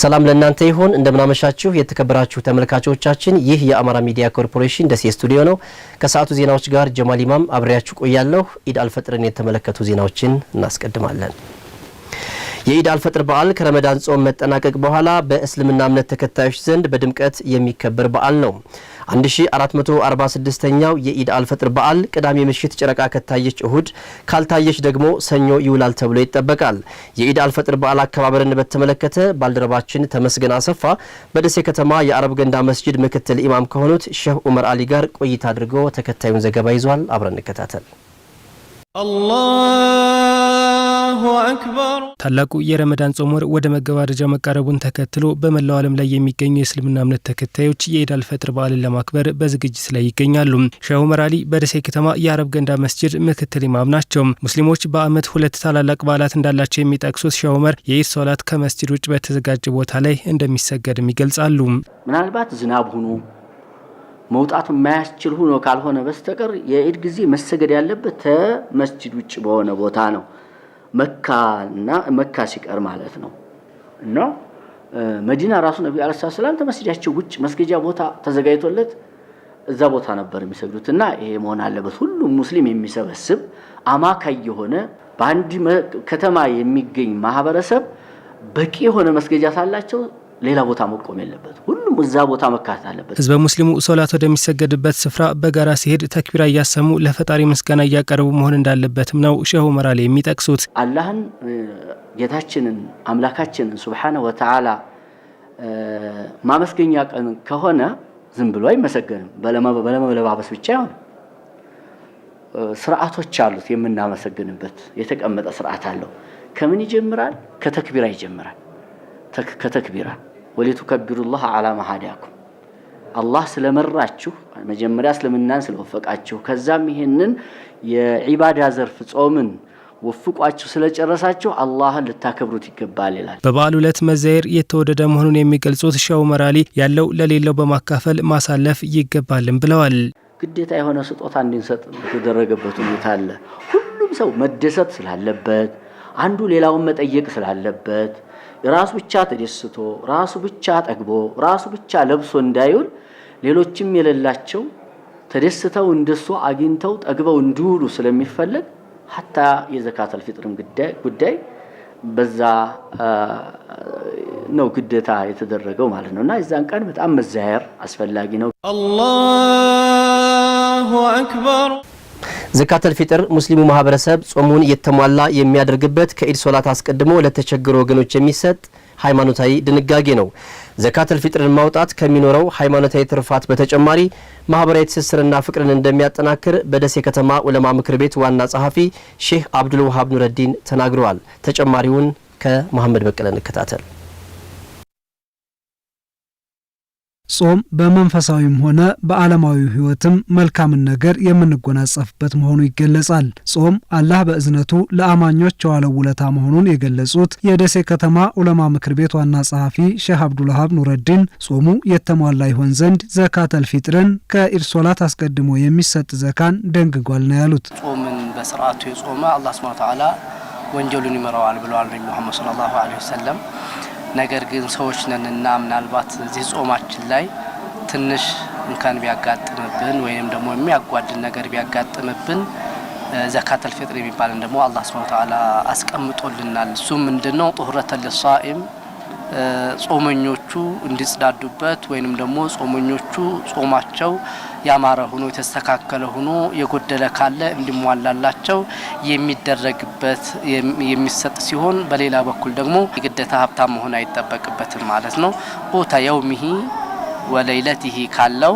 ሰላም ለእናንተ ይሁን። እንደምናመሻችሁ የተከበራችሁ ተመልካቾቻችን፣ ይህ የአማራ ሚዲያ ኮርፖሬሽን ደሴ ስቱዲዮ ነው። ከሰዓቱ ዜናዎች ጋር ጀማል ኢማም አብሬያችሁ ቆያለሁ። ኢድ አልፈጥርን የተመለከቱ ዜናዎችን እናስቀድማለን። የኢድ አልፈጥር በዓል ከረመዳን ጾም መጠናቀቅ በኋላ በእስልምና እምነት ተከታዮች ዘንድ በድምቀት የሚከበር በዓል ነው። 1446ኛው የኢድ አልፈጥር በዓል ቅዳሜ ምሽት ጨረቃ ከታየች እሁድ፣ ካልታየች ደግሞ ሰኞ ይውላል ተብሎ ይጠበቃል። የኢድ አልፈጥር በዓል አከባበርን በተመለከተ ባልደረባችን ተመስገን አሰፋ በደሴ ከተማ የአረብ ገንዳ መስጅድ ምክትል ኢማም ከሆኑት ሼህ ኡመር አሊ ጋር ቆይታ አድርጎ ተከታዩን ዘገባ ይዟል። አብረን እንከታተል። አላሁ አክበር። ታላቁ የረመዳን ጾም ወር ወደ መገባደጃ መቃረቡን ተከትሎ በመላው ዓለም ላይ የሚገኙ የእስልምና እምነት ተከታዮች የኢድ አልፈጥር በዓልን ለማክበር በዝግጅት ላይ ይገኛሉ። ሼህ ዑመር አሊ በደሴ ከተማ የአረብ ገንዳ መስጅድ ምክትል ኢማም ናቸው። ሙስሊሞች በዓመት ሁለት ታላላቅ በዓላት እንዳላቸው የሚጠቅሱት ሼህ ዑመር የኢድ ሶላት ከመስጅድ ውጭ በተዘጋጀ ቦታ ላይ እንደሚሰገድም ይገልጻሉ። ምናልባት ዝናብ ሆኖ መውጣቱ የማያስችል ሆኖ ካልሆነ በስተቀር የኢድ ጊዜ መሰገድ ያለበት ተመስጅድ ውጭ በሆነ ቦታ ነው። መካና መካ ሲቀር ማለት ነው እና መዲና ራሱ ነቢዩ ዓለይሂ ሰላም ተመስጃቸው ውጭ መስገጃ ቦታ ተዘጋጅቶለት እዛ ቦታ ነበር የሚሰግዱት። እና ይሄ መሆን አለበት ሁሉም ሙስሊም የሚሰበስብ አማካይ የሆነ በአንድ ከተማ የሚገኝ ማህበረሰብ በቂ የሆነ መስገጃ ሳላቸው ሌላ ቦታ መቆም የለበት። ሁሉም እዛ ቦታ መካተት አለበት። ህዝበ ሙስሊሙ ሶላት ወደሚሰገድበት ስፍራ በጋራ ሲሄድ ተክቢራ እያሰሙ ለፈጣሪ ምስጋና እያቀረቡ መሆን እንዳለበትም ነው ሼሁ መራሌ የሚጠቅሱት። አላህን ጌታችንን አምላካችንን ሱብሓነሁ ወተዓላ ማመስገኛ ቀን ከሆነ ዝም ብሎ አይመሰገንም። በለመለባበስ ብቻ ይሆን ስርዓቶች አሉት። የምናመሰግንበት የተቀመጠ ስርዓት አለው። ከምን ይጀምራል? ከተክቢራ ይጀምራል። ከተክቢራ ወሊቱከቢሩላህ አላማ ሀዳኩም አላህ ስለመራችሁ መጀመሪያ እስልምናን ስለወፈቃችሁ ከዛም ይሄንን የዒባዳ ዘርፍ ጾምን ወፍቋችሁ ስለጨረሳችሁ አላህን ልታከብሩት ይገባል ይላል። በበዓል ዕለት መዘየር የተወደደ መሆኑን የሚገልጹት ሸው መራሊ ያለው ለሌለው በማካፈል ማሳለፍ ይገባልም ብለዋል። ግዴታ የሆነ ስጦታ እንድንሰጥ የተደረገበት ሁኔታ አለ። ሁሉም ሰው መደሰት ስላለበት፣ አንዱ ሌላውን መጠየቅ ስላለበት ራሱ ብቻ ተደስቶ ራሱ ብቻ ጠግቦ ራሱ ብቻ ለብሶ እንዳይውል ሌሎችም የሌላቸው ተደስተው እንደሱ አግኝተው ጠግበው እንዲውሉ ስለሚፈለግ ሀታ የዘካተል ፊጥርም ጉዳይ በዛ ነው ግዴታ የተደረገው ማለት ነው። እና የዛን ቀን በጣም መዛየር አስፈላጊ ነው። አላሁ አክበር ዘካተል ፊጥር ሙስሊሙ ማህበረሰብ ጾሙን እየተሟላ የሚያደርግበት ከኢድ ሶላት አስቀድሞ ለተቸገሩ ወገኖች የሚሰጥ ሃይማኖታዊ ድንጋጌ ነው። ዘካተል ፊጥርን ማውጣት ከሚኖረው ሃይማኖታዊ ትርፋት በተጨማሪ ማህበራዊ ትስስርና ፍቅርን እንደሚያጠናክር በደሴ ከተማ ዑለማ ምክር ቤት ዋና ጸሐፊ ሼህ አብዱል ወሃብ ኑረዲን ተናግረዋል። ተጨማሪውን ከመሐመድ በቀለ እንከታተል። ጾም በመንፈሳዊም ሆነ በዓለማዊ ሕይወትም መልካምን ነገር የምንጎናጸፍበት መሆኑ ይገለጻል። ጾም አላህ በእዝነቱ ለአማኞች የዋለው ውለታ መሆኑን የገለጹት የደሴ ከተማ ዑለማ ምክር ቤት ዋና ጸሐፊ ሼህ አብዱልሃብ ኑረዲን ጾሙ የተሟላ ይሆን ዘንድ ዘካተል ፊጥርን ከኢድ ሶላት አስቀድሞ የሚሰጥ ዘካን ደንግጓል ነው ያሉት። ጾምን በስርዓቱ የጾመ አላህ ስብሐ ወተዓላ ወንጀሉን ይምረዋል ብለዋል ነቢ ሙሐመድ ሰለላሁ ዐለይሂ ወሰለም ነገር ግን ሰዎች ነንና ምናልባት እዚህ ጾማችን ላይ ትንሽ እንከን ቢያጋጥምብን ወይም ደግሞ የሚያጓድን ነገር ቢያጋጥምብን ዘካተል ፊጥር የሚባልን ደግሞ አላህ ስብሃነ ወተዓላ አስቀምጦልናል። እሱም ምንድነው ጡሁረተን ሊሳኢም ጾመኞቹ እንዲጽዳዱበት ወይንም ደግሞ ጾመኞቹ ጾማቸው ያማረ ሆኖ የተስተካከለ ሆኖ የጎደለ ካለ እንዲሟላላቸው የሚደረግበት የሚሰጥ ሲሆን፣ በሌላ በኩል ደግሞ የግዴታ ሀብታም መሆን አይጠበቅበትም ማለት ነው። ቦታ የውሚሂ ይሄ ካለው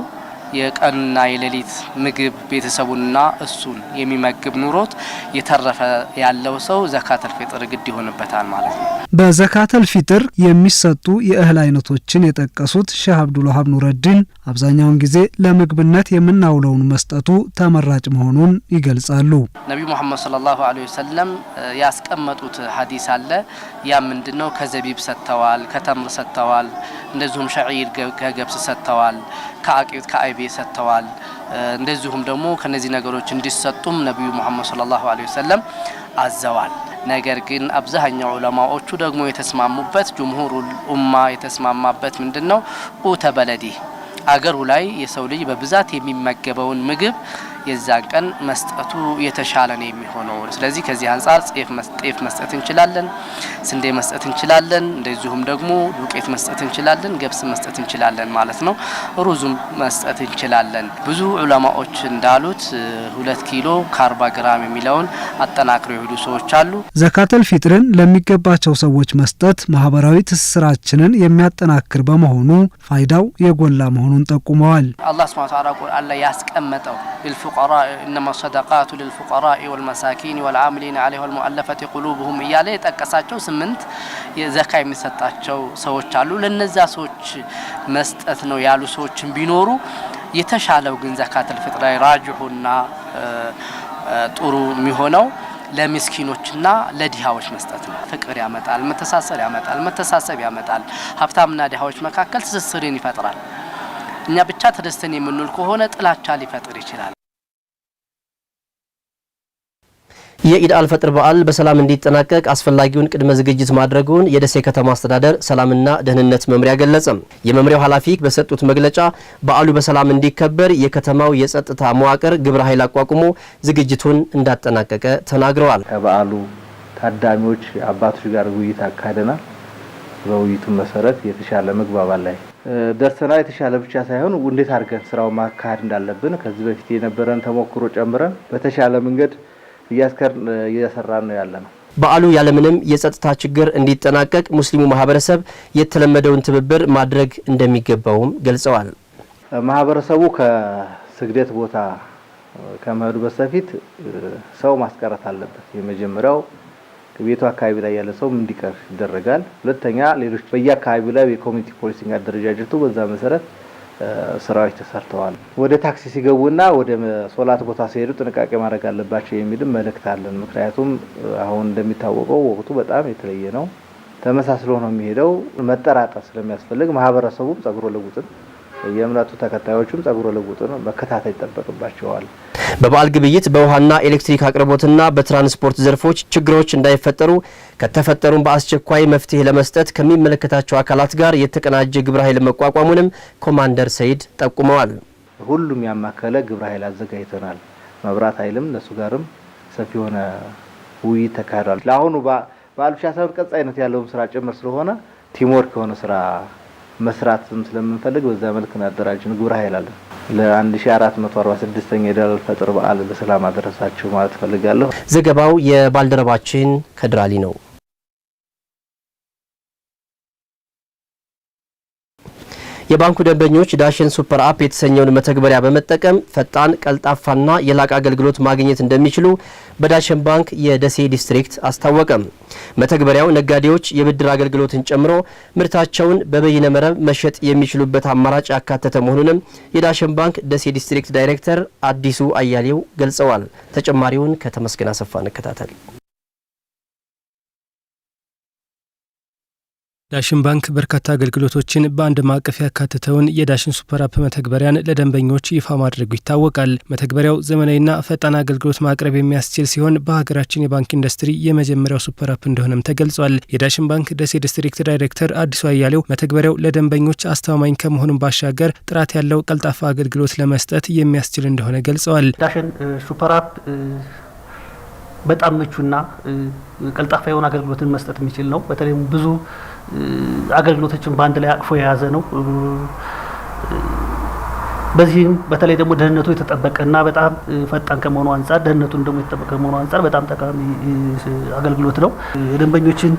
የቀንና የሌሊት ምግብ ቤተሰቡንና እሱን የሚመግብ ኑሮት የተረፈ ያለው ሰው ዘካተል ፊጥር ግድ ይሆንበታል ማለት ነው። በዘካተል ፊጥር የሚሰጡ የእህል አይነቶችን የጠቀሱት ሼህ አብዱልዋሃብ ኑረዲን አብዛኛውን ጊዜ ለምግብነት የምናውለውን መስጠቱ ተመራጭ መሆኑን ይገልጻሉ። ነቢዩ ሙሐመድ ሰለላሁ ዐለይሂ ወሰለም ያስቀመጡት ሀዲስ አለ። ያ ምንድን ነው? ከዘቢብ ሰጥተዋል፣ ከተምር ሰጥተዋል፣ እንደዚሁም ሸዒር ከገብስ ሰጥተዋል። ከአቂዩት ከአይቤ ሰጥተዋል። እንደዚሁም ደግሞ ከነዚህ ነገሮች እንዲሰጡም ነቢዩ ሙሐመድ ሰለላሁ ዐለይሂ ወሰለም አዘዋል። ነገር ግን አብዛኛው ዑለማዎቹ ደግሞ የተስማሙበት ጅምሁር ኡማ የተስማማበት ምንድን ነው ኡተ አገሩ ላይ የሰው ልጅ በብዛት የሚመገበውን ምግብ የዛ ቀን መስጠቱ የተሻለ ነው የሚሆነው። ስለዚህ ከዚህ አንጻር ጤፍ መስጠት እንችላለን፣ ስንዴ መስጠት እንችላለን፣ እንደዚሁም ደግሞ ዱቄት መስጠት እንችላለን፣ ገብስ መስጠት እንችላለን ማለት ነው። ሩዙም መስጠት እንችላለን። ብዙ ዑለማዎች እንዳሉት ሁለት ኪሎ ከአርባ ግራም የሚለውን አጠናክረው የሄዱ ሰዎች አሉ። ዘካተል ፊጥርን ለሚገባቸው ሰዎች መስጠት ማህበራዊ ትስስራችንን የሚያጠናክር በመሆኑ ፋይዳው የጎላ መሆኑን ጠቁመዋል። አላህ ስብሃነ ወተዓላ ቁርአን ላይ ያስቀመጠው ፉቀራእ እነማ ሰደቃቱ ልልፉቀራኢ ወልመሳኪን ወልአምሊን አለይሂ ወልሙአለፈት ቁሉብሁም እያለ የጠቀሳቸው ስምንት ዘካ የሚሰጣቸው ሰዎች አሉ። ለነዚያ ሰዎች መስጠት ነው ያሉ ሰዎችን ቢኖሩ የተሻለው ግን ዘካተል ፊጥር ላይ ራጅሑና ጥሩ የሚሆነው ለሚስኪኖችና ለድሃዎች መስጠት ነው። ፍቅር ያመጣል፣ መተሳሰር ያመጣል፣ መተሳሰብ ያመጣል። ሀብታምና ድሃዎች መካከል ትስስርን ይፈጥራል። እኛ ብቻ ተደስተን የምንውል ከሆነ ጥላቻ ሊፈጥር ይችላል። የኢድ አልፈጥር በዓል በሰላም እንዲጠናቀቅ አስፈላጊውን ቅድመ ዝግጅት ማድረጉን የደሴ ከተማ አስተዳደር ሰላምና ደህንነት መምሪያ ገለጸም። የመምሪያው ኃላፊ በሰጡት መግለጫ በዓሉ በሰላም እንዲከበር የከተማው የጸጥታ መዋቅር ግብረ ኃይል አቋቁሞ ዝግጅቱን እንዳጠናቀቀ ተናግረዋል። ከበዓሉ ታዳሚዎች አባቶች ጋር ውይይት አካሄደናል። በውይይቱ መሰረት የተሻለ መግባባት ላይ ደርሰናል። የተሻለ ብቻ ሳይሆን እንዴት አድርገን ስራው ማካሄድ እንዳለብን ከዚህ በፊት የነበረን ተሞክሮ ጨምረን በተሻለ መንገድ እያሰራን ነው ያለ ነው። በዓሉ ያለምንም የጸጥታ ችግር እንዲጠናቀቅ ሙስሊሙ ማህበረሰብ የተለመደውን ትብብር ማድረግ እንደሚገባውም ገልጸዋል። ማህበረሰቡ ከስግደት ቦታ ከመሄዱ በስተፊት ሰው ማስቀረት አለበት። የመጀመሪያው ቤቱ አካባቢ ላይ ያለ ሰው እንዲቀር ይደረጋል። ሁለተኛ ሌሎች በየአካባቢው ላይ የኮሚኒቲ ፖሊሲንግ አደረጃጀቱ በዛ መሰረት ስራዎች ተሰርተዋል። ወደ ታክሲ ሲገቡና ወደ ሶላት ቦታ ሲሄዱ ጥንቃቄ ማድረግ አለባቸው የሚልም መልእክት አለን። ምክንያቱም አሁን እንደሚታወቀው ወቅቱ በጣም የተለየ ነው። ተመሳስሎ ነው የሚሄደው። መጠራጠር ስለሚያስፈልግ ማህበረሰቡም ጸጉረ ልውጥን የእምነቱ ተከታዮቹም ጸጉረ ልውጥን መከታተል ይጠበቅባቸዋል። በበዓል ግብይት በውሃና ኤሌክትሪክ አቅርቦትና በትራንስፖርት ዘርፎች ችግሮች እንዳይፈጠሩ ከተፈጠሩም በአስቸኳይ መፍትሄ ለመስጠት ከሚመለከታቸው አካላት ጋር የተቀናጀ ግብረ ኃይል መቋቋሙንም ኮማንደር ሰይድ ጠቁመዋል። ሁሉም ያማከለ ግብረ ኃይል አዘጋጅተናል። መብራት ኃይልም እነሱ ጋርም ሰፊ የሆነ ውይይት ተካሂዷል። ለአሁኑ በዓል ብቻ ሳይሆን ቀጣይነት ያለውም ስራ ጭምር ስለሆነ ቲሞር ከሆነ ስራ መስራትም ስለምንፈልግ በዛ መልክ እናደራጅን ግብረ ኃይል አለን። ለ1446ኛ የኢድ አል ፈጥር በዓል በሰላም አደረሳችሁ ማለት ፈልጋለሁ። ዘገባው የባልደረባችን ከድራሊ ነው። የባንኩ ደንበኞች ዳሽን ሱፐር አፕ የተሰኘውን መተግበሪያ በመጠቀም ፈጣን፣ ቀልጣፋና የላቅ አገልግሎት ማግኘት እንደሚችሉ በዳሽን ባንክ የደሴ ዲስትሪክት አስታወቀም። መተግበሪያው ነጋዴዎች የብድር አገልግሎትን ጨምሮ ምርታቸውን በበይነ መረብ መሸጥ የሚችሉበት አማራጭ ያካተተ መሆኑንም የዳሽን ባንክ ደሴ ዲስትሪክት ዳይሬክተር አዲሱ አያሌው ገልጸዋል። ተጨማሪውን ከተመስገን አሰፋ እንከታተል። ዳሽን ባንክ በርካታ አገልግሎቶችን በአንድ ማዕቀፍ ያካትተውን የዳሽን ሱፐር አፕ መተግበሪያን ለደንበኞች ይፋ ማድረጉ ይታወቃል። መተግበሪያው ዘመናዊና ፈጣን አገልግሎት ማቅረብ የሚያስችል ሲሆን በሀገራችን የባንክ ኢንዱስትሪ የመጀመሪያው ሱፐር አፕ እንደሆነም ተገልጿል። የዳሽን ባንክ ደሴ ዲስትሪክት ዳይሬክተር አዲሱ አያሌው መተግበሪያው ለደንበኞች አስተማማኝ ከመሆኑም ባሻገር ጥራት ያለው ቀልጣፋ አገልግሎት ለመስጠት የሚያስችል እንደሆነ ገልጸዋል። ዳሽን ሱፐር አፕ በጣም ምቹና ቀልጣፋ የሆነ አገልግሎትን መስጠት የሚችል ነው። በተለይም ብዙ አገልግሎቶችን በአንድ ላይ አቅፎ የያዘ ነው። በዚህም በተለይ ደግሞ ደህንነቱ ና በጣም ፈጣን ከመሆኑ አንጻር ደህንነቱን ደግሞ የተጠበቀ ከመሆኑ አንጻር በጣም ጠቃሚ አገልግሎት ነው። የደንበኞችን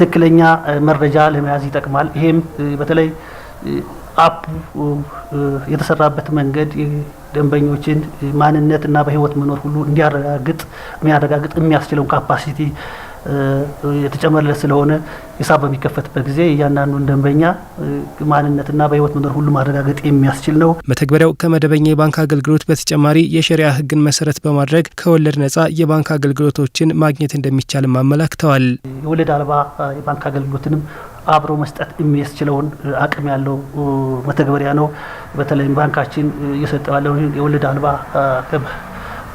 ትክክለኛ መረጃ ለመያዝ ይጠቅማል። ይሄም በተለይ አፑ የተሰራበት መንገድ ደንበኞችን እና በህይወት መኖር ሁሉ እንዲያረጋግጥ የሚያረጋግጥ የሚያስችለውን ካፓሲቲ የተጨመረለት ስለሆነ ሂሳብ በሚከፈትበት ጊዜ እያንዳንዱን ደንበኛ ማንነትና በህይወት መኖር ሁሉ ማረጋገጥ የሚያስችል ነው። መተግበሪያው ከመደበኛ የባንክ አገልግሎት በተጨማሪ የሸሪያ ህግን መሰረት በማድረግ ከወለድ ነጻ የባንክ አገልግሎቶችን ማግኘት እንደሚቻልም አመላክተዋል። የወለድ አልባ የባንክ አገልግሎትንም አብሮ መስጠት የሚያስችለውን አቅም ያለው መተግበሪያ ነው። በተለይም ባንካችን እየሰጠ ያለውን የወለድ አልባ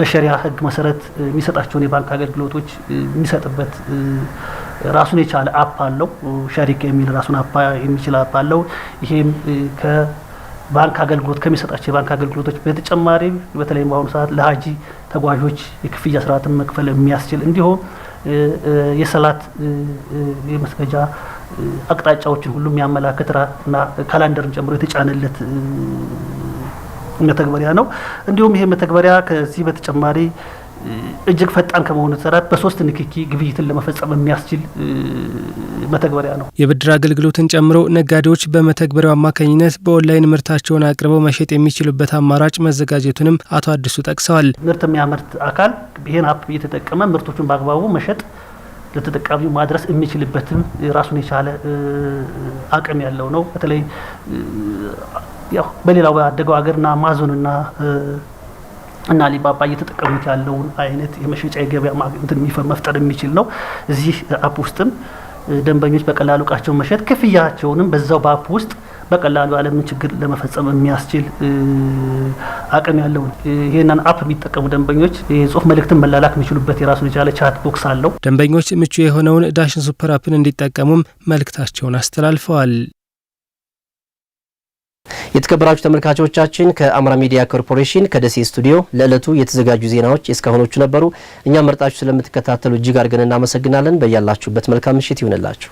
በሸሪያ ህግ መሰረት የሚሰጣቸውን የባንክ አገልግሎቶች የሚሰጥበት ራሱን የቻለ አፕ አለው። ሸሪክ የሚል ራሱን አፓ የሚችል አፕ አለው። ይሄም ከባንክ አገልግሎት ከሚሰጣቸው የባንክ አገልግሎቶች በተጨማሪ በተለይም በአሁኑ ሰዓት ለሀጂ ተጓዦች የክፍያ ስርዓትን መክፈል የሚያስችል እንዲሁም የሰላት የመስገጃ አቅጣጫዎችን ሁሉ የሚያመላክት እና ካላንደርን ጨምሮ የተጫነለት መተግበሪያ ነው። እንዲሁም ይሄ መተግበሪያ ከዚህ በተጨማሪ እጅግ ፈጣን ከመሆኑ ተሰራት በሶስት ንክኪ ግብይትን ለመፈጸም የሚያስችል መተግበሪያ ነው። የብድር አገልግሎትን ጨምሮ ነጋዴዎች በመተግበሪያው አማካኝነት በኦንላይን ምርታቸውን አቅርበው መሸጥ የሚችሉበት አማራጭ መዘጋጀቱንም አቶ አዲሱ ጠቅሰዋል። ምርት የሚያመርት አካል ይህን አፕ እየተጠቀመ ምርቶቹን በአግባቡ መሸጥ ለተጠቃሚው ማድረስ የሚችልበትም ራሱን የቻለ አቅም ያለው ነው። በተለይ ያው በሌላው ባደገው ሀገርና አማዞንና እና አሊባባ እየተጠቀሙት ያለውን አይነት የመሸጫ የገበያ ማግኘትን መፍጠር የሚችል ነው። እዚህ አፕ ውስጥም ደንበኞች በቀላሉ እቃቸውን መሸጥ ክፍያቸውንም በዛው በአፕ ውስጥ በቀላሉ ያለምን ችግር ለመፈጸም የሚያስችል አቅም ያለውን ይህንን አፕ የሚጠቀሙ ደንበኞች የጽሁፍ መልእክትን መላላክ የሚችሉበት የራሱን የቻለ ቻት ቦክስ አለው። ደንበኞች ምቹ የሆነውን ዳሽን ሱፐር አፕን እንዲጠቀሙም መልእክታቸውን አስተላልፈዋል። የተከበራችሁ ተመልካቾቻችን ከአማራ ሚዲያ ኮርፖሬሽን ከደሴ ስቱዲዮ ለዕለቱ የተዘጋጁ ዜናዎች እስካሁኖቹ ነበሩ። እኛ መርጣችሁ ስለምትከታተሉ እጅግ አድርገን እናመሰግናለን። በያላችሁበት መልካም ምሽት ይሁንላችሁ።